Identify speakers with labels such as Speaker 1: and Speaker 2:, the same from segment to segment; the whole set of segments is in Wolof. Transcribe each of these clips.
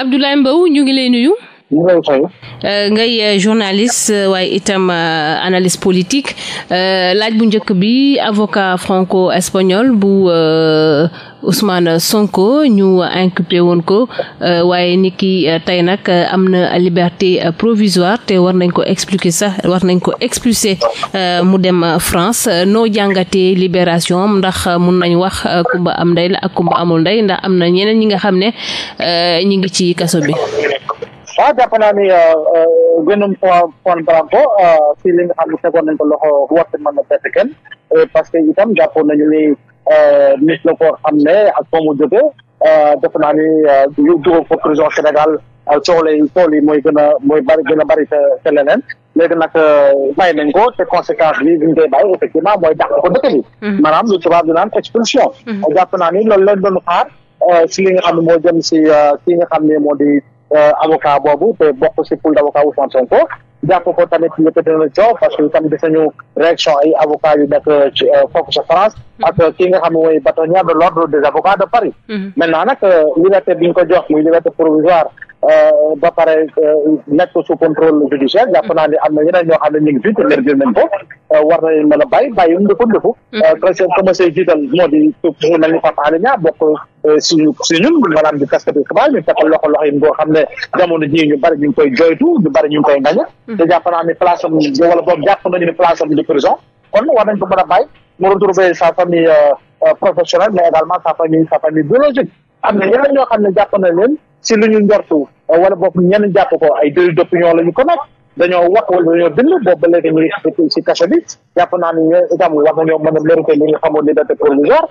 Speaker 1: Abdoulaye Mbow ñu ngi lay nuyu. lay fay. Euh, ngay euh, journaliste euh, waaye itam analyste politique laaj bu njëkk bi avocat franco espagnol bu. Ousmane Sonko ñu inculpé woon ko euh, waaye ni ki euh, tey nag euh, am na liberté provisoire te war nañ ko expliquer sax war nañ ko expulser mu dem France noo jàngatee libération ndax mun nañ wax kumba am ndey la ak kumba amul nday ndax am na ñeneen ñi nga xam ne ñi ngi ci kaso bi.
Speaker 2: waaw ah, jàpp naa ni gënum Juan que Euh, nit la ko xam ne ak fa mu jóge euh, defe naa ni yu euh, dugal ko prison Sénégal coow lay tool yi mooy gën a mooy bari gën a bari te te leneen léegi nag bàyyi nañ ko te conséquence bi bi ñu koy bàyyi effectivement mooy dàq ko dëkk bi mhm. maanaam lu tubaab di naan expulsion mhm. jàpp naa ni loolu leen doon xaar si li nga xam ne moo jëm si ki nga xam ne moo di avocat boobu te bokk si pool d'avocat Ousmane Sonko jàpp ko tamit yëkkati na coow parce que tamit gis nañu réaction ay avocats yu nekk sa euh, France mm-hmm. ak euh, ki nga xam ne mooy bâtonnier des avocats de Paris mm-hmm. maintenant nag euh, liberté bi ñu provisoire Euh, ba pare euh, nekk sous contrôle judiciaire jàpp naa ne am na ñeneen ñoo xam ne ñu ngi fi te leer ko euh, war nañ mën a bàyyi bàyyi mu ndëfu ndëfu parce que commencé jiital moo di mu mel ni Pape Alé Niang bokk si si di taskati ñu fekkal loxo loxo yi boo xam ne jamono jii ñu bari ñu ngi koy jooytu ñu bari ñu koy ngaña mm-hmm. te jàpp naa ne place am wala boog jàpp nañu ne place am di prison kon war nañ ko mën a bàyyi mu retrouver sa famille professionnelle mais également sa famille sa famille na ñoo xam ne jàpp na leen si lu ñu njortu wala boog ñenn jàpp ko ay délit d'opinion la ñu ko nag dañoo wax wala dañoo bind boobu ba léegi ñuy si kaso bi jàpp naa ni yooyu itam war nañoo mën a mérité li ñu xamoon liberté provisoire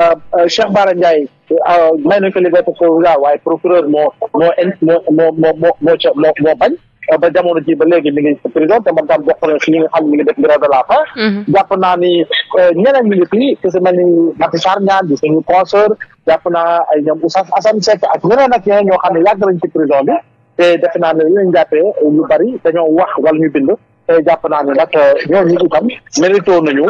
Speaker 2: euh, euh, Cheikh Bara Ndiaye euh, may nañ ko liberté provisoire waaye procureur moo moo moo moo moo moo moo bañ Euh, ba jamono ji ba léegi mi ngi prison te man tam bokk na si ñi nga xam mi ngi def grève de la faim mhm. jàpp naa ni euh, ñeneen ñi ngi fii te si mel ni Mati Sarr Niane di suñu consoeur naa ay ñoom Oustaz Assane Seck ak ñeneen ak ñeneen ñoo xam ne yàgg nañ ci prison bi te defe naa ne yooyu jàppee ñu bari dañoo wax wala ñu bind te jàpp naa ne nag euh, ñooñu itam mérito nañu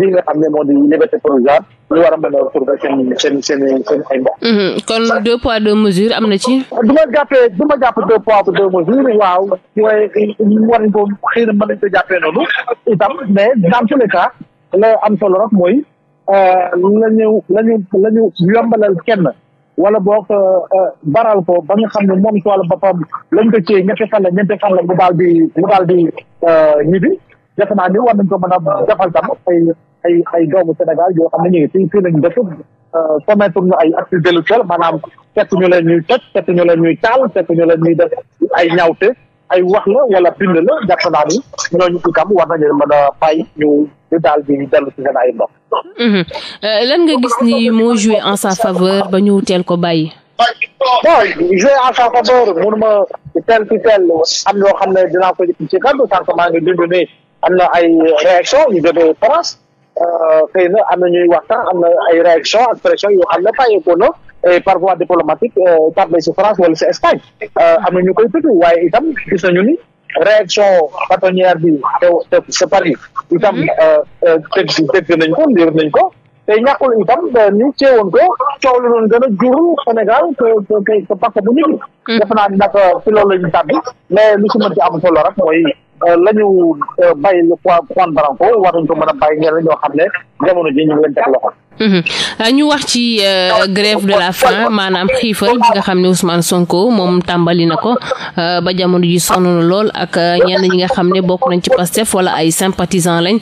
Speaker 2: li nga xam ne moo di liberté provisoire ñu war a mën a trouver seen seen seen seen ay mbokk.
Speaker 1: Mhm. kon deux poids deux mesures am na ci. du
Speaker 2: ma jàppee du ma jàpp deux poids deux mesures waaw waaye ko xëy na mën nañ ko jàppee noonu itam mais dans tous les cas am solo rek mooy euh, la ñu la ñu la ñu yombalal kenn. wala boog euh, euh, baral ko ba nga xam ne moom ci wàllu boppam lañ ko cee fan la ñetti fan la mu daal di mu daal di ñibbi defe naa ni war nañ ko mën a defal tam ay ay ay doomu Sénégal yoo xam ne ñu ngi fii fii lañ dëkk commettre euh, ñu ay actes délictuels maanaam fekk ñu leen ñuy toj fekk ñu leen ñuy taal fekk ñu leen ñuy def ay ñaawte ay wax la wala bind la jàpp naa ni ñooñu itam war nañu mën a fay ñu ñu daal di dellu ci seen ay ndox.
Speaker 1: Mhm. Euh, lan nga gis ni moo joué en sa faveur ba ñu teel ko bàyyi.
Speaker 2: bon joué en sa faveur mënuma teel ci teel am yoo xam ne dinaa ko ci kàddu maa ngi dund ne am na ay réaction France. Euh, xëy na am na ñuy waxtaan am na ay réaction ak pression yoo xam ne bàyyeekoo na euh, par voie diplomatique tàmbali si France wala si Espagne euh, am na ñu koy tudd waaye itam gis nañu ni réaction bâtonnière bi te te sa Paris itam mhm. teg teg nañ ko liir nañ ko te ñàkkul itam ñu ceewoon ko coow la doon gën a jur Sénégal que que que parce que bu ñu. Mhm. defe naa nag fi loolu la ñu tàbbi mais lu si mën ci am solo rek mooy. la euh, ñu bàyyi lu Juan Branco war nañ ko mën a bàyyi ñeneen ñoo xam ne jamono ji ñu ngi leen loxo
Speaker 1: Mhm. Euh, ñu wax ci euh, grève de la faim maanaam xiifal bi nga xam ne Ousmane Sonko moom tàmbali na ko euh, ba jamono ji sonn na lool ak ñenn ñi nga xam ne bokk nañ ci Pastef wala ay sympathisants lañ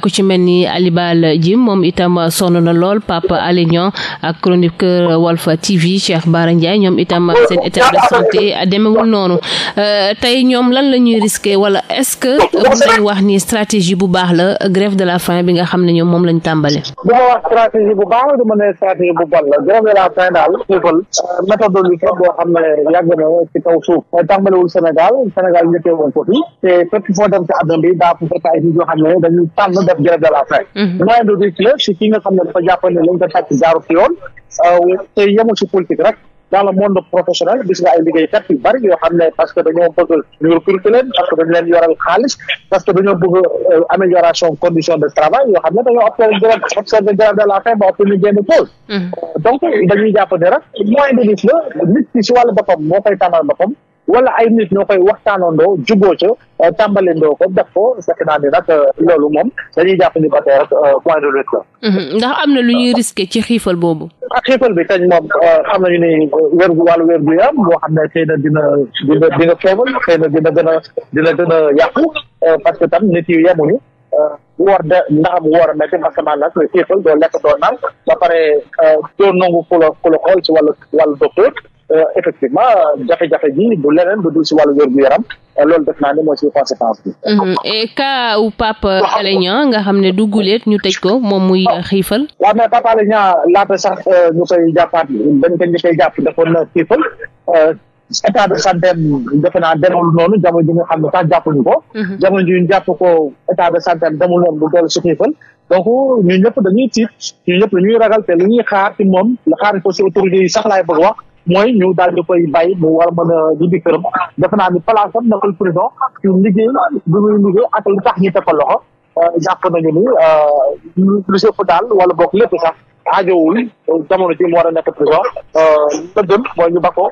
Speaker 1: ku ci mel ni Alibal ji moom itam sonn na lool Pape Alé Niang ak chroniqueur Walf TV Cheikh Bara Ndiaye ñoom itam seen état de santé demewul noonu tey ñoom lan la ñuy risqué wala est-ce que bu nañ wax ni stratégie bu baax la grève de la faim bi nga xam ne ñoom moom lañu tàmbale
Speaker 2: stratégie bu baax la du ma ne stratégie bu bon la grève de la faim daal people euh, méthodologie boo xam ne yàgg na ci kaw suuf tàmbaliwul Sénégal Sénégal njëkkee woon ko fi te fépp foo dem ci àdduna bi daa fekk ay nit yoo xam ne dañuy tànn def grève de la faim mhm. moyen de risque la si ki nga xam ne dafa jàpp ne lañ ko tàcc jaaru dans le monde professionnel gis nga ay liggéeykat yu bari yoo xam ne parce que dañoo bëgg ñu recruter leen parce que dañu leen yoral xaalis parce que dañoo bëgg euh, amélioration condition de travail yoo xam ne dañoo observer de la faim ba obtenir génn pause hmm. donc dañuy jàpp ne rek moyen de nit nit ki si wàllu boppam moo koy tànnal boppam wala ay nit ñoo koy waxtaanandoo juboo ca euh, tàmbalindoo ko def ko fekk naa euh, loolu moom dañuy jàpp ni ba tey ak xiifal bi kañ moom euh, xam nañu ni euh, wér gu wàllu wér gu xam ne xëy na dina dina dina feebal xëy na dina gën a dina gën a yàqu euh, parce que tam nit yi yemuñu woor de ndax am woor a métti parce que maanaam xiifal doo lekk doo naan ba pare doo nangu ku la ku la xool ci wàllu wàllu docteur Euh, effectivement jafe-jafe bi du leneen du dul si wàllu wér gu yaram euh, loolu def naa ne mooy si conséquence bi. Mhm. et cas
Speaker 1: wu Pape Alé nga xam ne du guleet ñu tëj ko moom muy xiifal.
Speaker 2: waaw mais Pape Alé Niang laata sax euh, ñu koy jàppaat dañ ko ñu koy jàpp dafa na xiifal état de santé defe naa demul noonu jamono ji nga xam ne sax jàppuñu ko. Mhm. jamono ji jàpp ko état de santé demul noonu bu dool su xiifal donc ñun ñëpp dañuy tiit ñun ñëpp dañuy ragal te li ñuy xaar ci moom la xaar ko sax laay bëgg wax. mooy ñu daal ñu koy bàyyi mu war a mën a ñibbi këram defe naa ni place am nekkul prison ci liggéey bi muy liggéey ak lu tax ñu teg ko loxo euh, jàpp nañu ni euh, lu sëpp daal wala boog lépp sax aajowul jamono ji mu war a nekk prison euh, la gën mooy ñu ba ko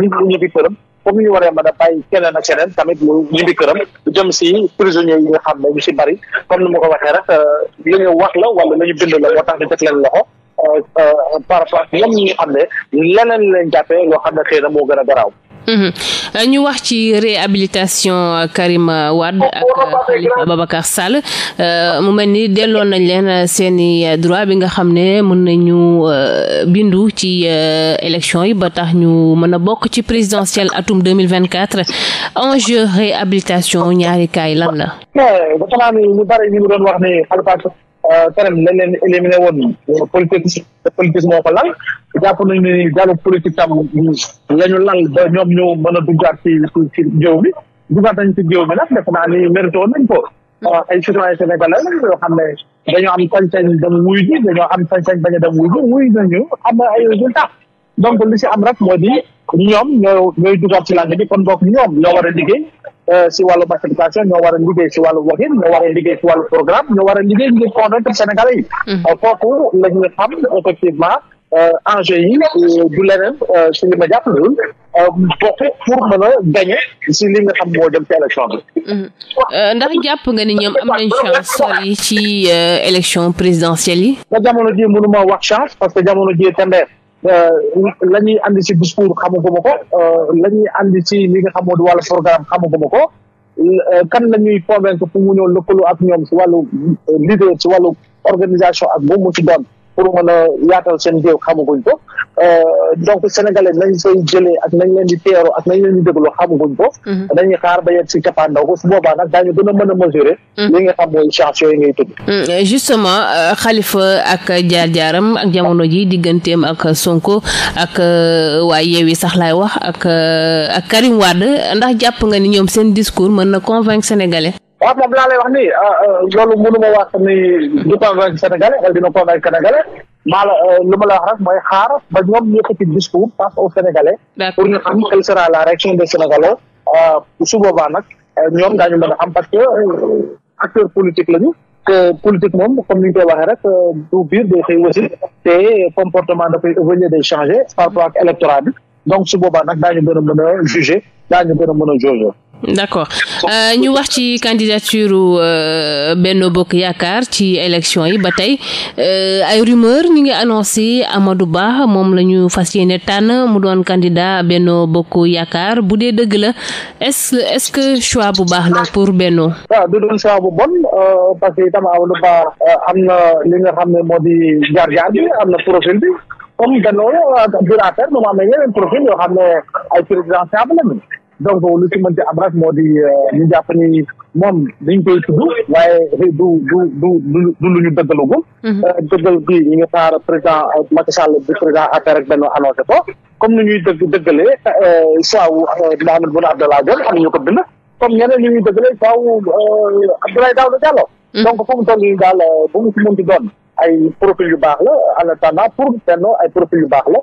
Speaker 2: ñi ñu ñibbi këram comme ñu waree mën a bàyyi keneen ak keneen tamit ñu ñibbi këram jëm si prisonniers yi nga xam ne ñu si bari comme ni ma ko waxee rek li ñu wax la wala la ñu bind la moo tax ñu teg leen loxo Euh, euh, par rapport leneen lañ jàppee loo xam ne xëy na gën a garaaw.
Speaker 1: Mhm. Euh, ñu wax ci réhabilitation Karim Wade ak Khalifa Babacar Sall mu mel ni delloon nañ leen seeni droit bi nga xam ne mën nañu bindu ci élection yi ba tax ñu mën a bokk ci présidentielle atum 2024 enjeu réhabilitation ñaari kaay lan la.
Speaker 2: mais eh, dafa kanam euh, lañ leen éliminé woon politique politique moo ko lal jàpp nañu ne jàllu politique tam la ñu lal ba ñoom ñu mën a duggaat ci ci ci géew bi duggaat nañ ci géew bi nag def naa ni mérité woon nañ ko mm. euh, ay citoyen sénégalais yoo xam ne dañoo am sañ-sañ dem wuy ji dañoo am sañ-sañ bañ a dem wuy ji wuy nañu am ay résultat donc li si am rek moo di ñoom ñooy ñooy duggaat ci làng bi kon boog ñoom ñoo war a liggéey Euh, si wàllu massification ñoo war a liggéey si wàllu waxin ñoo war a si wàllu programme ñoo war a liggéey ngir convaincre Sénégalais yi foofu mm. euh, la ñuy xam effectivement euh, enjeu yi du leneen si li ma jàpp loolu bokk pour mën a si li nga xam moo jëm ci élection bi. Mm.
Speaker 1: ndax jàpp nga ni ñoom am nañ chance sori ci élection présidentielle yi. ba jamono ji mënuma wax
Speaker 2: chance parce que jamono ji tendeer Euh, la ñuy andi ci discours xamaguma ko euh, la ñuy andi ci li nga xamoo di wàllu programme xamaguma ko euh, kan la ñuy convaincre pour mu ñëw lëkkaloo ak ñoom si wàllu leader si wàllu organisation ak boobu mu ci doon pour mën a yaatal seen réew xamaguñ ko Euh, donc sénégalais nañ koy jëlee ak nañ leen di teeroo ak nañ leen di déglu xamaguñ ko mhm. dañuy xaar ba yegg si cappaandaw ko su boobaa nag daañu gën a mën a mesurer mhm. li nga xam mooy chance yooyu ngay tudd
Speaker 1: mhm. euh, justement euh, Khalifa ak jaar-jaaram ak jamono ji digganteem ak Sonko ak waaye yi sax laay wax ak ak Karim Wade ndax jàpp nga ni ñoom seen discours mën na convaincre sénégalais
Speaker 2: waaw moom laa lay wax nii ah, ah, loolu mënu ma wax ni du convaincre sénégalais wala dina convaincre sénégalais maa la euh, lu ma la wax rek mooy xaar ba ñoom ñu xëcc discours face au sénégalais. pour ñu xam quelle sera la réaction des sénégalais euh, su boobaa nag euh, ñoom daañu mën a xam parce que acteur politique lañu. que politique moom comme ni ñu koy waxee rek du biir day xëy wasin te comportement dafay évoluer day changé par rapport ak donc su boobaa nag daañu gën a mën a daañu gën a mën a jauger.
Speaker 1: d' accord euh, ñu wax ci candidature euh, Benno Bokk Yaakaar ci élection yi ba tey euh, ay rumeur ñu ngi annoncé Amadou Ba moom la ñu fas yéene tànn mu doon candidat Benno Bokk Yaakaar bu dee dëgg la est ce est ce que choix bu baax la pour Benno.
Speaker 2: waaw du doon choix bu bon parce que itam Amadou Ba am na li nga xam ne moo di jaar-jaar bi am na profil bi comme Benno biir affaire moom am na yeneen profil yoo xam ne ay présidentiable lañu. donc lu ci mënti am rek moo di euh, ñu jàpp ni moom dañu koy tudd waaye du du du lu ñu dëggalagul. Mhm. Euh, dëggal bi ñu ngi xaar président euh, Macky Sall bi président APR ak benn annoncé ko comme ni ñuy dëgg dëggalee saa wu Mahammed Boun Abdallah Dionne am ñu ko bind comme ñeneen ñu ñuy dëggalee saa wu Abdoulaye Daouda Diallo. Mhm. donc fu mu toll nii daal bu mu ci mënti doon ay profil yu baax la en attendant pour Benno ay profil yu baax la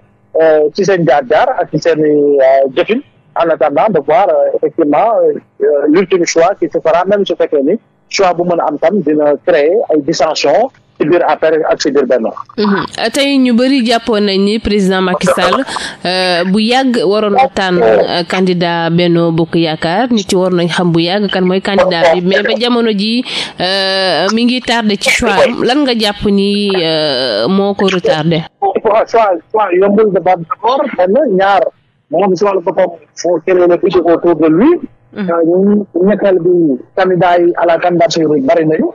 Speaker 2: ci seen jaar-jaar ak ci seen i jëfin. en attendant de voir euh, effectivement euh, euh, l'ultime choix a am tam mhm.
Speaker 1: tey ñu bëri jàppoon nañ ni président Macky Sall bu yàgg waroon a tànn candidat Benno Bokk Yaakaar nit yi waroon nañ xam bu yàgg kan mooy candidat bi mais ba jamono ji mi ngi tardé ci choix lan nga jàpp ni moo ko retardé.
Speaker 2: moom si wàllu boppam foo créer le cliché autour de lui. ñu mm-hmm. nekkal bi candidat yi à la bëri nañu.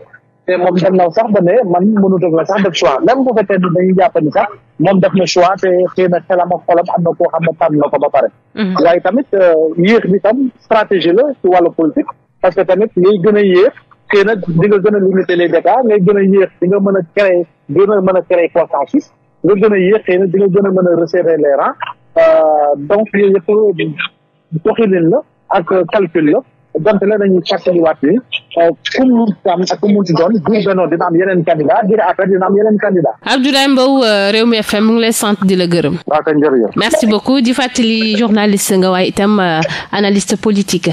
Speaker 2: te moom dem na sax ba ne man mënutag la sax def choix la bu fekkee ni dañuy jàpp ni sax moom def na choix te xëy na xelam ak xolam am na koo xam ne tànn na ko ba pare. Mm-hmm. waaye tamit euh, yéex bi tam stratégie la ci wàllu politique. parce que tamit ngay gën a yéex xëy na di nga gën a limiter les ngay gën a yéex di nga mën a créer gën a mën a créer consensus nga gën a yéex xëy na di nga gën a mën a resserrer Euh, donc yooyu yëpp doxalin la ak euh, calcul la donte la dañuy fàttaliwaat ni euh, ku mu tam ak ku mu ci doon biir Benno dina am yeneen candidat biir affaire dina am yeneen candidat
Speaker 1: Abdoulaye Mbow Rewmi FM mu ngi lay sant di la gërëm.
Speaker 2: waaw kay jërëjëf. merci
Speaker 1: beaucoup di fàttali journaliste nga waaye itam analyste politique.